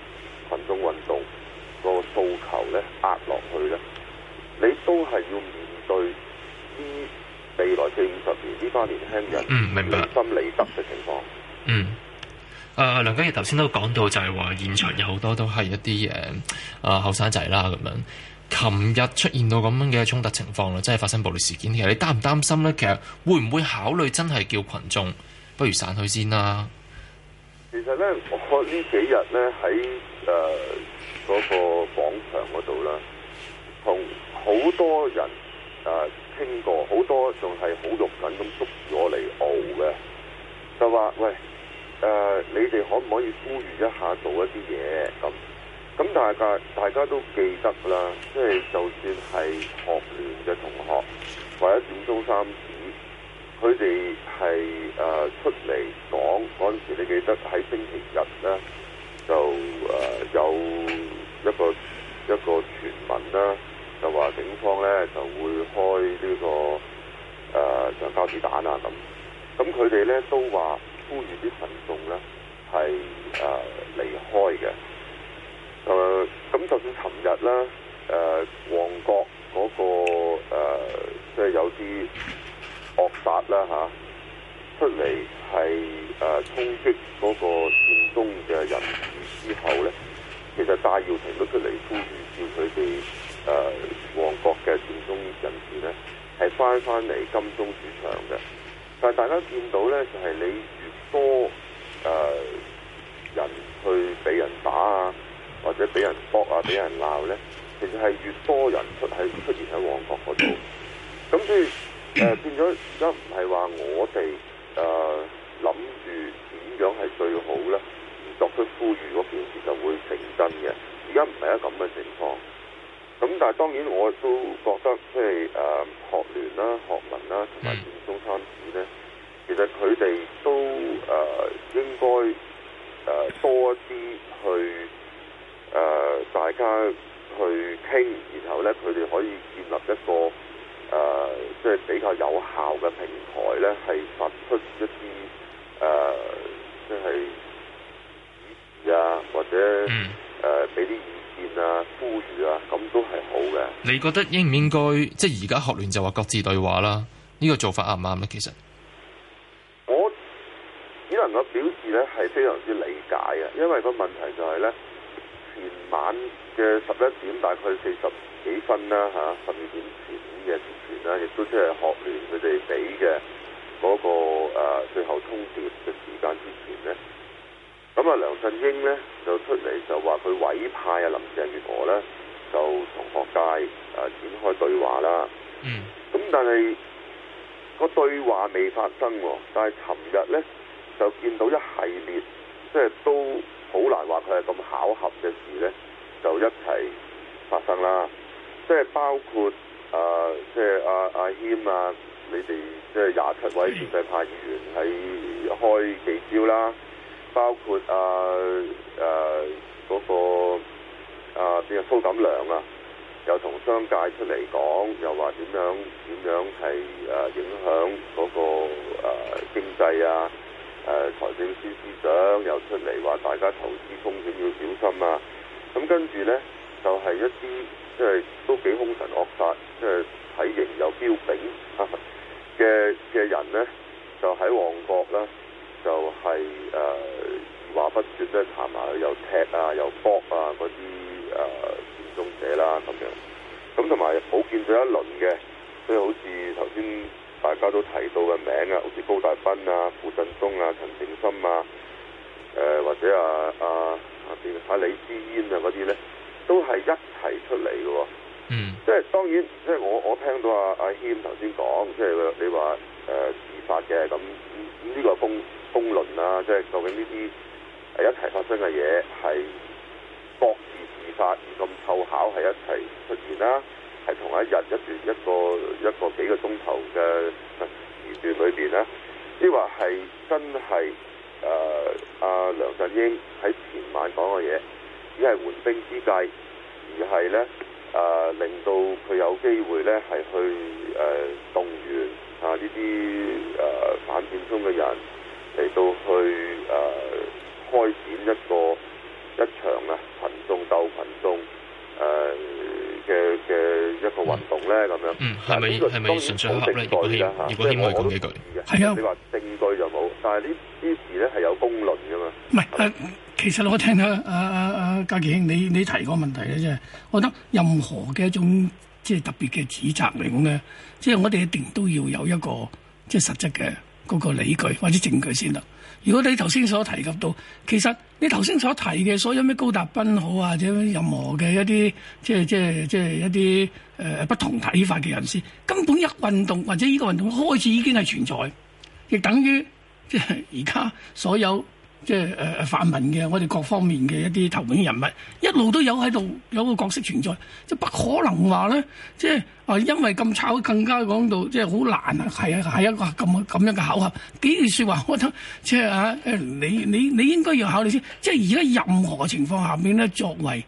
群眾運動個訴求咧壓落去咧，你都係要面對呢未來四五十年呢班年輕人、嗯、人心離德嘅情況。嗯。誒、呃、梁家傑頭先都講到，就係話現場有好多都係一啲誒啊後生仔啦咁樣，琴日出現到咁樣嘅衝突情況啦，即係發生暴力事件。其實你擔唔擔心咧？其實會唔會考慮真係叫群眾不如散去先啦？其實咧，我幾天呢幾日咧喺誒嗰個廣場嗰度啦，同好多人啊傾、呃、過，好多仲係好肉緊咁捉住我嚟拗嘅，就話喂。誒、呃，你哋可唔可以呼籲一下做一啲嘢咁？咁大家大家都記得啦，即係就算係學聯嘅同學，或者中三仔，佢哋係出嚟講嗰時，你記得喺星期日咧，就、呃、有一個一個傳聞啦，就話警方咧就會開呢、這個誒橡、呃、膠子彈啊咁。咁佢哋咧都話。呼籲啲民眾咧係誒離開嘅，誒、呃、咁就算尋日咧誒、呃、旺角嗰、那個即係、呃、有啲惡殺啦吓、啊、出嚟係誒衝擊嗰個佔中嘅人士之後咧，其實戴耀廷都出嚟呼籲他們，叫佢哋誒旺角嘅佔中人士咧係翻返嚟金鐘市場嘅。但大家見到咧，就係、是、你越多誒、呃、人去俾人打啊，或者俾人搏啊，俾人鬧咧，其實係越多人出喺出現喺旺角嗰度。咁所以誒變咗而家唔係話我哋誒諗住點樣係最好咧，唔作佢呼籲嗰件事就會成真嘅。而家唔係一個咁嘅情況。咁、嗯、但係當然，我都覺得即係誒學聯啦、啊、學民啦同埋佔中三子咧，其實佢哋都誒、呃、應該誒、呃、多一啲去誒、呃、大家去傾，然後咧佢哋可以建立一個誒即係比較有效嘅平台咧，係發出一啲誒即係議事啊，或者誒俾啲，意、呃呼啊，呼籲啊，咁都係好嘅。你覺得應唔應該，即係而家學聯就話各自對話啦？呢個做法啱唔啱呢？其實我只能夠表示呢係非常之理解嘅，因為個問題就係呢，前晚嘅十一點，大概四十幾分啦，吓十二點前嘅時段啦，亦都即係學聯佢哋俾嘅嗰個誒，最後通牒嘅時間之前呢。咁啊，梁振英咧就出嚟就話，佢委派啊林鄭月娥咧就同學界啊、呃、展開對話啦。嗯。咁但係個對話未發生、哦、但係尋日咧就見到一系列即係都好難話佢係咁巧合嘅事咧，就一齊發生啦。即係包括、呃、啊，即係阿阿謙啊，你哋即係廿七位建制派議員係開記招啦。包括啊誒嗰個啊，譬、啊、如、那個啊、蘇錦良啊，又同商界出嚟講，又話點樣點樣係影響嗰、那個誒、啊、經濟啊。啊財政司司長又出嚟話大家投資風險要小心啊。咁、啊、跟住呢，就係、是、一啲即係都幾兇神惡煞，即係體型有標炳嘅人呢，就喺旺角啦。係誒、 呃、話不絕咧，行埋去又踢啊，又搏啊，嗰啲誒嚴重者啦、啊、咁樣。咁同埋冇見咗一輪嘅，即係好似頭先大家都提到嘅名啊，好似高大斌啊、傅振中啊、陳淨心啊，誒、呃、或者啊啊邊啊李偲嫣啊嗰啲咧，都係一齊出嚟嘅喎。嗯，即係當然，即係我我聽到阿、啊、阿、啊、謙頭先講，即、就、係、是、你話誒自發嘅咁，呢、呃、個風。風論啊，即係究竟呢啲係一齊發生嘅嘢，係各自自發而咁湊巧係一齊出現啦，係、啊、同一日一段一個一個幾個鐘頭嘅時段裏邊呢，亦或係真係誒阿梁振英喺前晚講嘅嘢，只係緩兵之計，而係咧誒令到佢有機會咧係去誒、呃、動員啊呢啲誒反佔中嘅人。嚟到去誒、呃、開展一個一場啊，群眾鬥群眾誒嘅嘅一個運動咧，咁樣。嗯，係咪係咪純粹係合理嗰啲咧？如果可以講幾句，係啊，啊，啊。你話證據就冇，但係呢啲事咧係有公論噶嘛？唔係、啊啊、其實我聽到阿阿阿家琪兄你你提個問題咧，即係我覺得任何嘅一種即係特別嘅指責嚟講咧，即係我哋一定都要有一個即係實質嘅。個、那個理據或者證據先啦。如果你頭先所提及到，其實你頭先所提嘅所有咩高達賓好啊，或者任何嘅一啲即係即即，即一啲、呃、不同睇法嘅人士，根本一運動或者呢個運動開始已經係存在，亦等於即係而家所有。即係誒泛民嘅，我哋各方面嘅一啲頭面人物，一路都有喺度有個角色存在，即係不可能話咧，即係啊，因為咁炒更加講到即係好難啊，係啊，係一個咁咁樣嘅巧合幾句說話，我覺得即係啊誒你你你應該要考慮先，即係而家任何情況下面咧，作為，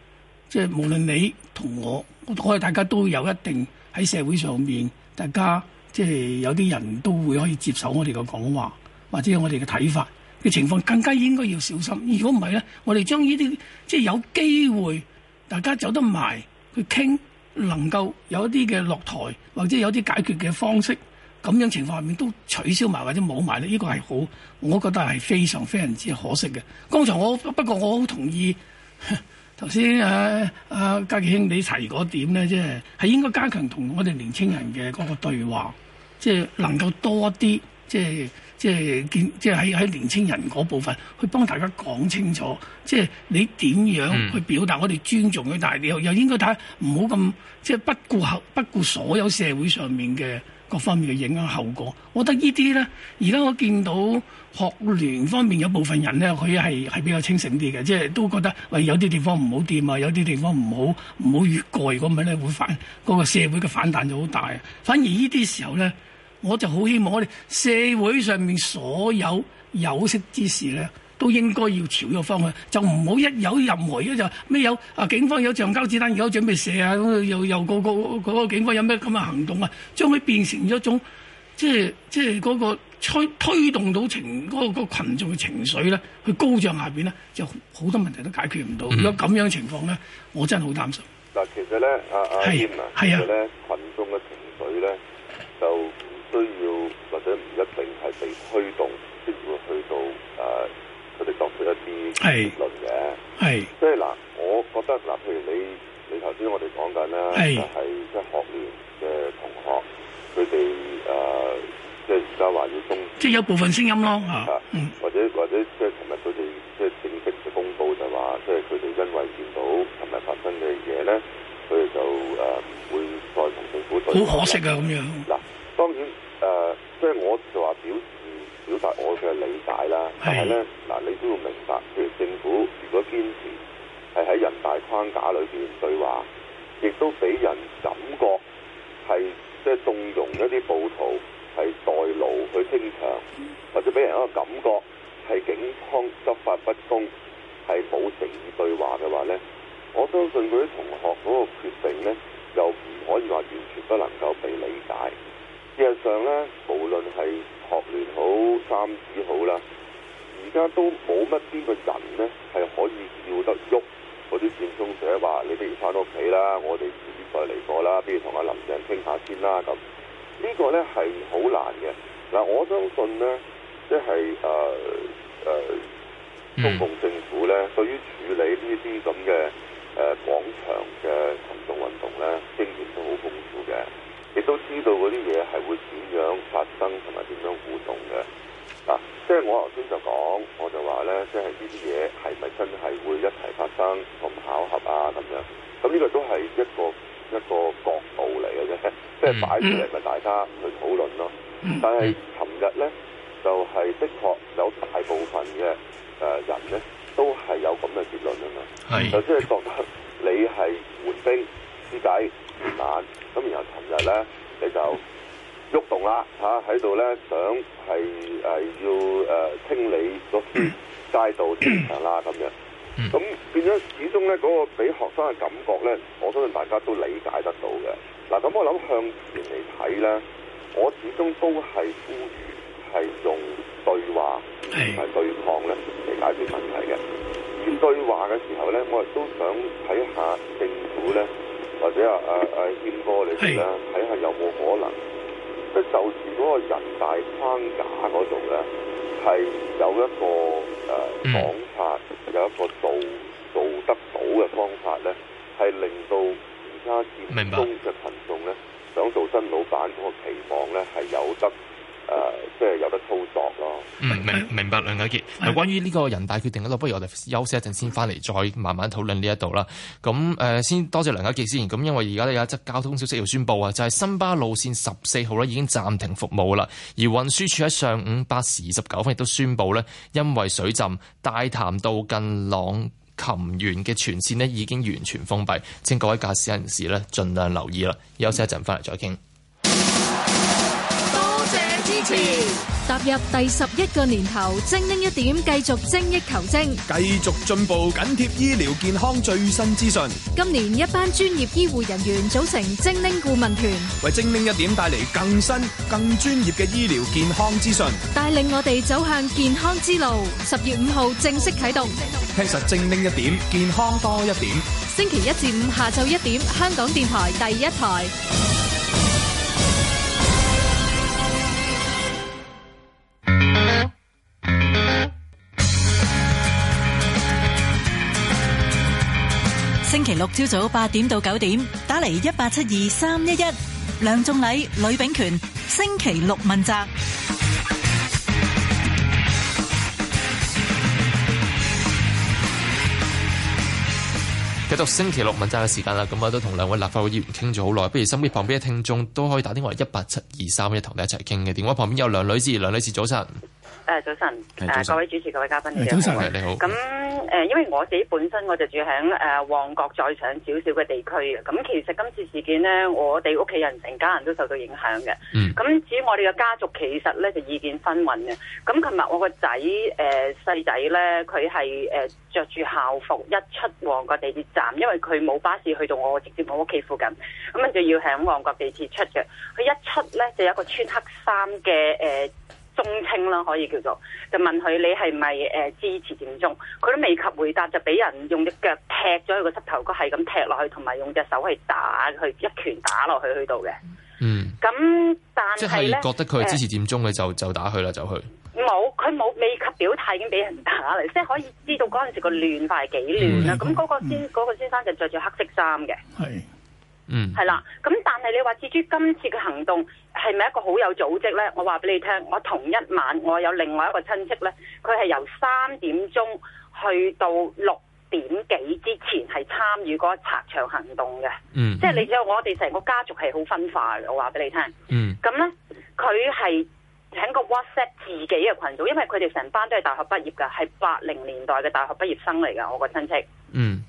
即係無論你同我，我哋大家都有一定喺社會上面，大家即係有啲人都會可以接受我哋嘅講話或者我哋嘅睇法。嘅情況更加應該要小心。如果唔係咧，我哋將呢啲即係有機會大家走得埋去傾，能夠有一啲嘅落台或者有啲解決嘅方式，咁樣情況下面都取消埋或者冇埋呢，呢個係好，我覺得係非常非常之可惜嘅。剛才我不過我好同意頭先啊啊家傑兄你提嗰點咧，即係係應該加強同我哋年輕人嘅嗰個對話，即係能夠多一啲即係。即係見，即係喺喺年青人嗰部分，去幫大家講清楚。即係你點樣去表達？我哋尊重佢，但係你又應該睇，唔好咁即係不顧後、不顧所有社會上面嘅各方面嘅影響後果。我覺得這些呢啲咧，而家我見到學聯方面有部分人咧，佢係係比較清醒啲嘅，即係都覺得喂，有啲地方唔好掂啊，有啲地方唔好唔好越過，如果唔係咧，會反個社會嘅反彈就好大。反而呢啲時候咧。我就好希望我哋社會上面所有有識之士咧，都應該要朝一個方向，就唔好一有任何嘢就咩有啊警方有橡膠子彈，有準備射啊，又又，又個個嗰個警方有咩咁嘅行動啊，將佢變成一種即係即係嗰個推推動到情嗰個、嗰個羣眾嘅情緒咧，去高漲下邊咧，就好多問題都解決唔到、嗯。如果咁樣情況咧，我真係好擔心。嗱，其實咧，啊啊係啊，其實咧，羣眾嘅情緒咧就～需要或者唔一定係被推動，都要去到誒佢哋作出一啲結論嘅。係，即係嗱，我覺得嗱，譬如你你頭先我哋講緊啦，係即係學聯嘅同學，佢哋誒即係而家話要中，即係有部分聲音咯嚇、啊，或者或者即係琴日佢哋即係正式嘅公告就話，即係佢哋因為見到琴日發生嘅嘢咧，佢哋就誒唔、呃、會再同政府對抗。好可惜啊，咁樣。嗱，當然。誒、呃，即係我就話表示表達我嘅理解啦。但係咧，嗱，你都要明白，譬如政府如果堅持係喺人大框架裏邊對話，亦都俾人感覺係即係縱容一啲暴徒係代勞去清場，或者俾人一個感覺係警方執法不公，係冇誠意對話嘅話咧，我相信佢啲同學嗰個決定咧，又唔可以話完全不能夠被理解。事實上咧，無論係學聯好、三子好啦，而家都冇乜邊個人咧係可以叫得喐。嗰啲佔中者話：你不如翻屋企啦，我哋遲啲再嚟過啦，不如同阿林鄭傾下先啦。咁、這個、呢個咧係好難嘅。嗱、啊，我相信咧，即係誒誒，中、呃呃、共政府咧對於處理呢啲咁嘅誒廣場嘅群眾運動咧經驗都好豐富嘅。亦都知道嗰啲嘢係會點樣發生同埋點樣互動嘅，即、啊、係、就是、我頭先就講，我就話咧，即係呢啲嘢係咪真係會一齊發生咁巧合啊咁樣？咁呢個都係一個一個角度嚟嘅啫，即、就、係、是、擺出嚟咪大家去討論咯、嗯嗯。但係尋日咧就係、是、的確有大部分嘅人咧都係有咁嘅結論嘅嘛，就即係覺得你係援兵，師弟。但、啊、咁，然後尋日咧你就喐動啦，喺度咧想係、呃、要清理個街道正常啦咁樣。咁、嗯、變咗始終咧嗰個俾學生嘅感覺咧，我相信大家都理解得到嘅。嗱、啊，咁我諗向前嚟睇咧，我始終都係呼籲係用對話同對抗咧嚟解決問題嘅。而對話嘅時候咧，我亦都想睇下政府咧。嗯或者啊啊阿謙哥你哋嘅，睇下有冇可能，即就住個人大框架度咧，係有一個誒、啊嗯、方法，有一個做做得到嘅方法咧，係令到而家佔中嘅群眾咧，想做新老闆個期望咧係有得。誒，即係有得操作咯。嗯，明明白梁家傑，係關於呢個人大決定嗰度，不如我哋休息一陣先，翻嚟再慢慢討論呢一度啦。咁誒，先多謝梁家傑先。咁因為而家呢，有一則交通消息要宣布啊，就係新巴路線十四號呢已經暫停服務啦。而運輸署喺上午八時二十九分亦都宣布呢，因為水浸，大潭道近朗琴園嘅全線呢已經完全封閉，請各位駕駛人士呢盡量留意啦。休息一陣翻嚟再傾。踏入第十一個年頭，精靈一點繼續精益求精，繼續進步，緊貼醫療健康最新資訊。今年一班專業醫護人員組成精靈顧問團，為精靈一點帶嚟更新、更專業嘅醫療健康資訊，帶領我哋走向健康之路。十月五號正式啟動，聽實精靈一點，健康多一點。星期一至五下晝一點，香港電台第一台。星期六朝早八點到九點，打嚟一八七二三一一。梁仲禮、呂秉權、星期六問責。喺度星期六問責嘅時間啦，咁我都同兩位立法會議員傾咗好耐。不如身邊旁邊嘅聽眾都可以打電話一八七二三一，同你一齊傾嘅。電話旁邊有梁女士，梁女士早晨，誒早晨，誒各位主持、各位嘉賓，早晨，你好。咁誒，因為我自己本身我就住喺誒旺角再上少少嘅地區嘅。咁其實今次事件呢，我哋屋企人成家人都受到影響嘅。咁至於我哋嘅家族，其實咧就意見紛紜嘅。咁琴日我個仔，誒細仔咧，佢係誒着住校服一出旺角地鐵站。因為佢冇巴士去到我，直接我屋企附近，咁啊就要喺旺角地鐵出嘅。佢一出咧就有一個穿黑衫嘅，誒中青啦，可以叫做就問佢，你係咪誒支持佔中？佢都未及回答就俾人用隻腳踢咗佢個膝頭哥，係咁踢落去，同埋用隻手去打佢一拳打落去去到嘅。嗯，咁但即係覺得佢支持佔中，佢、呃、就就打佢啦，就去。冇，佢冇未及表態，已經俾人打嚟，即係可以知道嗰陣時、嗯嗰個亂法係幾亂啦。咁、嗯、嗰、嗰個先先生就着住黑色衫嘅，係，嗯，係啦。咁但係你話至於今次嘅行動係咪一個好有組織咧？我話俾你聽，我同一晚我有另外一個親戚咧，佢係由三點鐘去到六點幾之前係參與嗰個拆牆行動嘅，嗯，即係你知我哋成個家族係好分化嘅。我話俾你聽，嗯，咁咧佢係。喺個 WhatsApp 自己嘅群組，因為佢哋成班都係大學畢業噶，係八零年代嘅大學畢業生嚟噶。我個親戚，嗯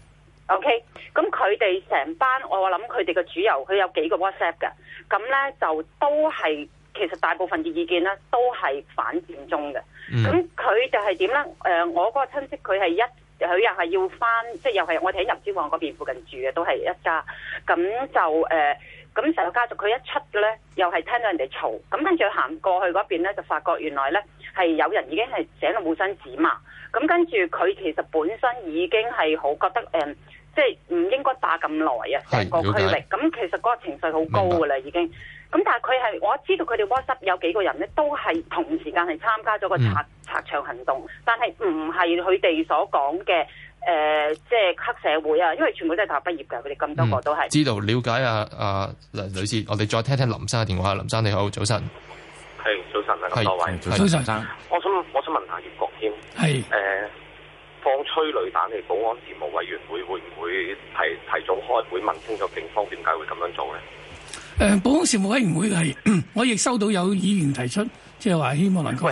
，OK，咁佢哋成班，我諗佢哋嘅主流，佢有幾個 WhatsApp 嘅，咁呢就都係，其實大部分嘅意見呢都係反佔中嘅。咁佢就係點呢？誒、呃，我嗰個親戚佢係一，佢又係要返，即係又係我哋喺入珠港嗰邊附近住嘅，都係一家，咁就誒。呃咁成個家族佢一出咧，又係聽到人哋嘈，咁跟住行過去嗰邊咧，就發覺原來咧係有人已經係寫到冇身紙嘛。咁跟住佢其實本身已經係好覺得、嗯、即係唔應該打咁耐啊，成個區域。咁其實嗰個情緒好高㗎啦，已經。咁但係佢係我知道佢哋 WhatsApp 有幾個人咧，都係同時間係參加咗個拆拆牆行動，但係唔係佢哋所講嘅。誒、呃，即係黑社會啊！因為全部都係大學畢業嘅，佢哋咁多個都係、嗯、知道了解啊。阿、呃、梁女士，我哋再聽聽林生嘅電話。林生你好，早晨。係、hey, 早晨啊，各位 hey, 早，晨早，晨早，晨早晨。我想我想問下葉國謙，係誒、呃、放催淚彈嘅保安事務委員會會唔會提提早開會，會問清楚警方點解會咁樣做咧？誒、呃，保安事務委員會係，我亦收到有議員提出。即係話希望能夠，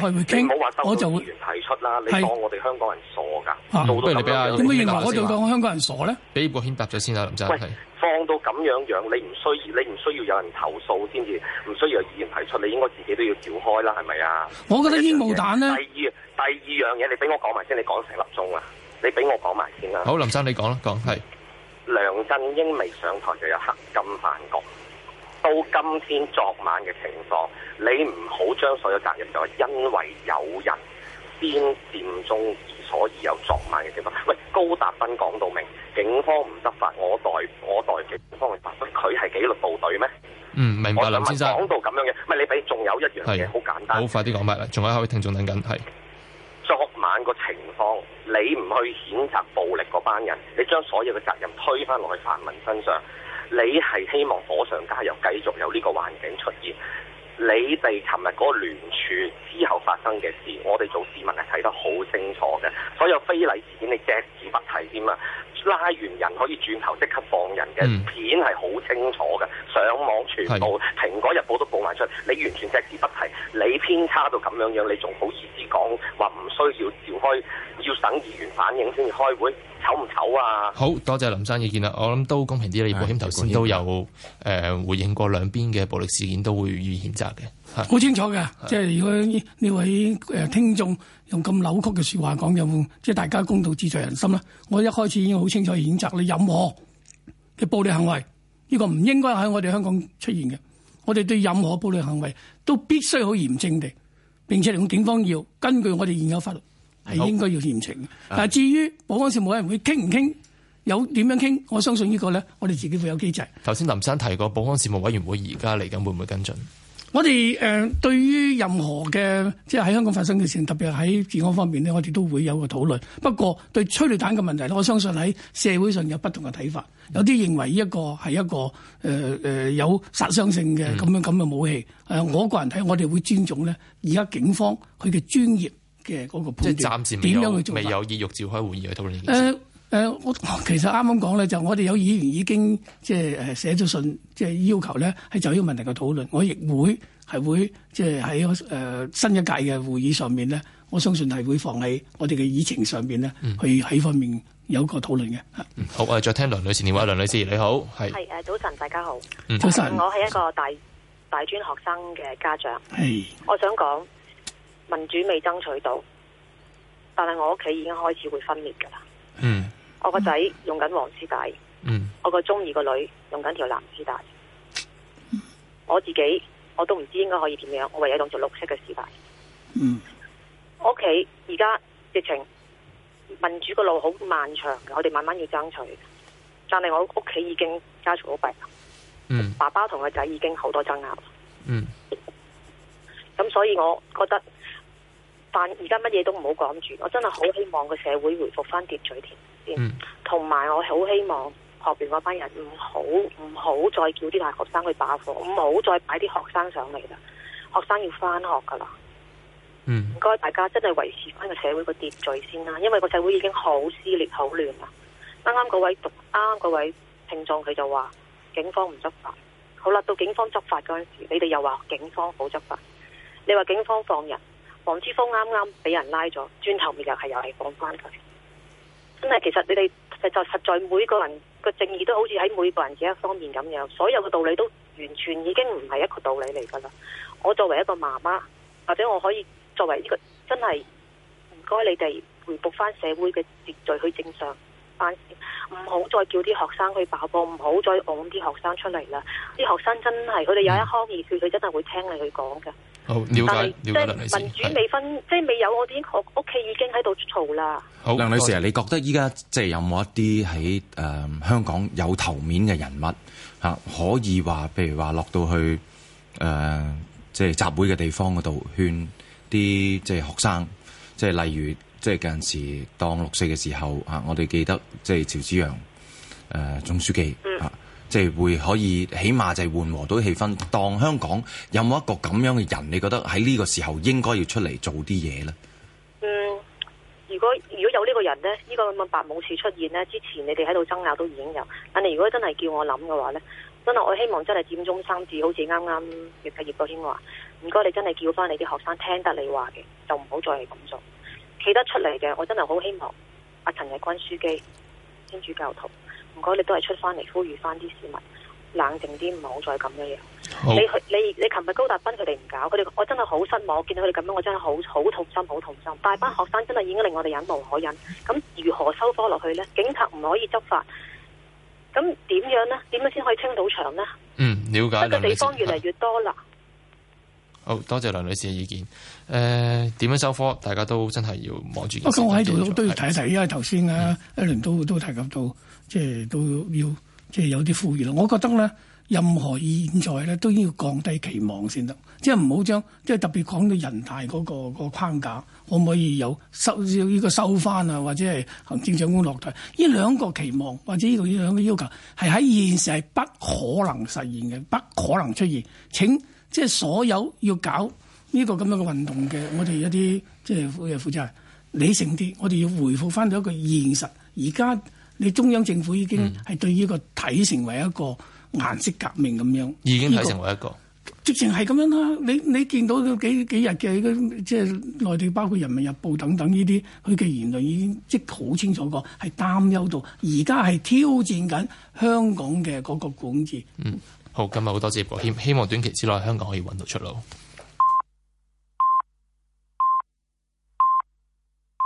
我就會提出啦。你當我哋香港人傻噶？咁、啊、都認為、嗯、我當我，我香港人傻咧？俾葉國謙答咗先啦，林生。喂，放到咁樣樣，你唔需要，你唔需要有人投訴先至，唔需要有議員提出，你應該自己都要召開啦，係咪啊？我覺得煙霧彈咧。第二第二樣嘢，你俾我講埋先，你講成粒鐘啦，你俾我講埋先啦。好，林生你講啦，講係。梁振英未上台就有黑金飯局，到今天昨晚嘅情況。你唔好將所有的責任就係因為有人偏佔中而所以有昨晚嘅情況。喂，高達芬講到明，警方唔得法，我代我代警方去發問，佢係紀律部隊咩？嗯，明白，林先生講到咁樣嘅，唔係你俾仲有一樣嘢好簡單，好快啲講埋啦。仲有一位聽眾等緊，係昨晚個情況，你唔去譴責暴力嗰班人，你將所有嘅責任推返落去泛民身上，你係希望火上加油，繼續有呢個環境出現。你哋琴日嗰個聯署之後發生嘅事，我哋做市民係睇得好清楚嘅，所有非禮事件你隻字不提添啊！拉完人可以轉頭即刻放人嘅、嗯、片係好清楚嘅，上網全部《蘋果日報》都報埋出嚟，你完全隻字不提，你偏差到咁樣樣，你仲好意思講話唔需要召開，要等議員反應先至開會，醜唔醜啊？好多謝林生意見啦，我諗都公平啲、嗯、你保險頭先都有誒、呃、回應過兩邊嘅暴力事件都會予以譴責嘅。好清楚嘅，即係如果呢位誒聽眾用咁扭曲嘅說話講，有即係大家公道自在人心啦。我一開始已經好清楚譴責你任何嘅暴力行為，呢個唔應該喺我哋香港出現嘅。我哋對任何暴力行為都必須好嚴正地，並且用警方要根據我哋現有法律係應該要嚴懲。但係至於保安事務委員會傾唔傾，有點樣傾，我相信呢個咧，我哋自己會有機制。頭先林生提過保安事務委員會而家嚟緊會唔會跟進？我哋誒、呃、對於任何嘅即係喺香港發生嘅事情，特別喺健康方面呢，我哋都會有個討論。不過對催淚彈嘅問題呢，我相信喺社會上有不同嘅睇法。有啲認為呢一個係一個誒、呃、有殺傷性嘅咁樣咁嘅武器，嗯呃。我個人睇，我哋會尊重呢而家警方佢嘅專業嘅嗰個判斷，點樣去做，未有意欲召開會議去討論呢件事。誒、呃，我其實啱啱講咧，就我哋有議員已經即係誒寫咗信，即係要求咧喺就呢個問題嘅討論，我亦會係會即係喺誒新一屆嘅會議上面咧，我相信係會放喺我哋嘅議程上面咧、嗯，去喺方面有個個討論嘅。好，我哋再聽梁女士電話。梁女士你好，係。係誒，早晨，大家好。嗯、早晨。我係一個大大專學生嘅家長。係、哎。我想講民主未爭取到，但係我屋企已經開始會分裂㗎喇。嗯。我個仔用緊黃絲帶、嗯，我個中意個女用緊條藍絲帶，我自己我都唔知應該可以點樣，我唯有用條綠色嘅絲帶。嗯，我屋企而家直情民主個路好漫長嘅，我哋慢慢要爭取，但係我屋企已經家嘈屋閉，嗯，爸爸同個仔已經好多爭拗。嗯，咁所以我覺得，但而家乜嘢都唔好講住，我真係好希望個社會回復翻秩序添。嗯，同埋我好希望學邊嗰班人唔好唔好再叫啲大學生去罷課，唔好再擺啲學生上嚟啦。學生要翻學噶啦。嗯，唔該大家真係維持翻個社會個秩序先啦，因為個社會已經好撕裂，好亂啦。啱啱嗰位讀啱位聽眾佢就話警方唔執法，好啦，到警方執法嗰陣時，你哋又話警方好執法，你話警方放人，黃之鋒啱啱俾人拉咗，轉頭面又係又係放翻佢。真係，其實你哋就實在每個人個正義都好似喺每個人嘅一方面咁樣，所有嘅道理都完全已經唔係一個道理嚟噶啦。我作為一個媽媽，或者我可以作為呢個真係唔該，你哋回復翻社會嘅秩序去正常翻，唔好再叫啲學生去爆破，唔好再㧬啲學生出嚟啦。啲學生真係，佢哋有一腔熱血，佢真係會聽你去講噶。好了解,了解，民主未分，即係未有我哋屋企已經喺度嘈啦。好謝謝，梁女士啊，你覺得依家即係有冇一啲喺誒香港有頭面嘅人物吓、啊，可以話，譬如話落到去誒、呃，即係集會嘅地方嗰度勸啲即係學生，即係例如，即係嗰陣時當六四嘅時候、啊、我哋記得即係趙紫陽誒總書記、嗯即、就、係、是、會可以，起碼就係緩和到氣氛。當香港有冇一個咁樣嘅人，你覺得喺呢個時候應該要出嚟做啲嘢呢？嗯，如果如果有呢個人呢，呢、這個咁嘅白武士出現呢，之前你哋喺度爭拗都已經有。但你如果真係叫我諗嘅話呢，真係我希望真係佔中三子，好似啱啱葉嘅葉國謙話，唔該你真係叫翻你啲學生聽得你話嘅，就唔好再係咁做。企得出嚟嘅，我真係好希望阿陳日君書記天主教徒。唔該，你都係出翻嚟，呼籲翻啲市民冷靜啲，唔好再咁樣。你你你琴日高達斌佢哋唔搞，佢哋我真係好失望。我見到佢哋咁樣，我真係好好痛心，好痛心。大班學生真係已經令我哋忍無可忍。咁如何收科落去呢？警察唔可以執法，咁點樣呢？點樣先可以清到場呢？嗯，了解。個地方越嚟越多啦、啊。好多謝梁女士嘅意見。誒、呃，點樣收科？大家都真係要望住。我喺度都要睇一睇。因為頭先啊，一連都都提及到。即係都要，即係有啲富裕咯。我覺得咧，任何現在咧，都要降低期望先得，即係唔好將即係特別講到人大嗰個嗰個框架，可唔可以有收要呢個收翻啊？或者係行政長官落台，呢兩個期望或者呢度呢兩個要求係喺現實係不可能實現嘅，不可能出現。請即係所有要搞呢個咁樣嘅運動嘅，我哋一啲即係嘅負責人理性啲，我哋要回覆翻到一個現實，而家。你中央政府已經係對呢個睇成為一個顏色革命咁樣，嗯，這個，已經睇成為一個，直情係咁樣啦。你你見到幾幾日嘅即係內地，包括《人民日報》等等呢啲，佢嘅言論已經即係好清楚了，個係擔憂到而家係挑戰緊香港嘅嗰個管治。嗯，好，今日好多謝葉國謙，希望短期之內香港可以揾到出路。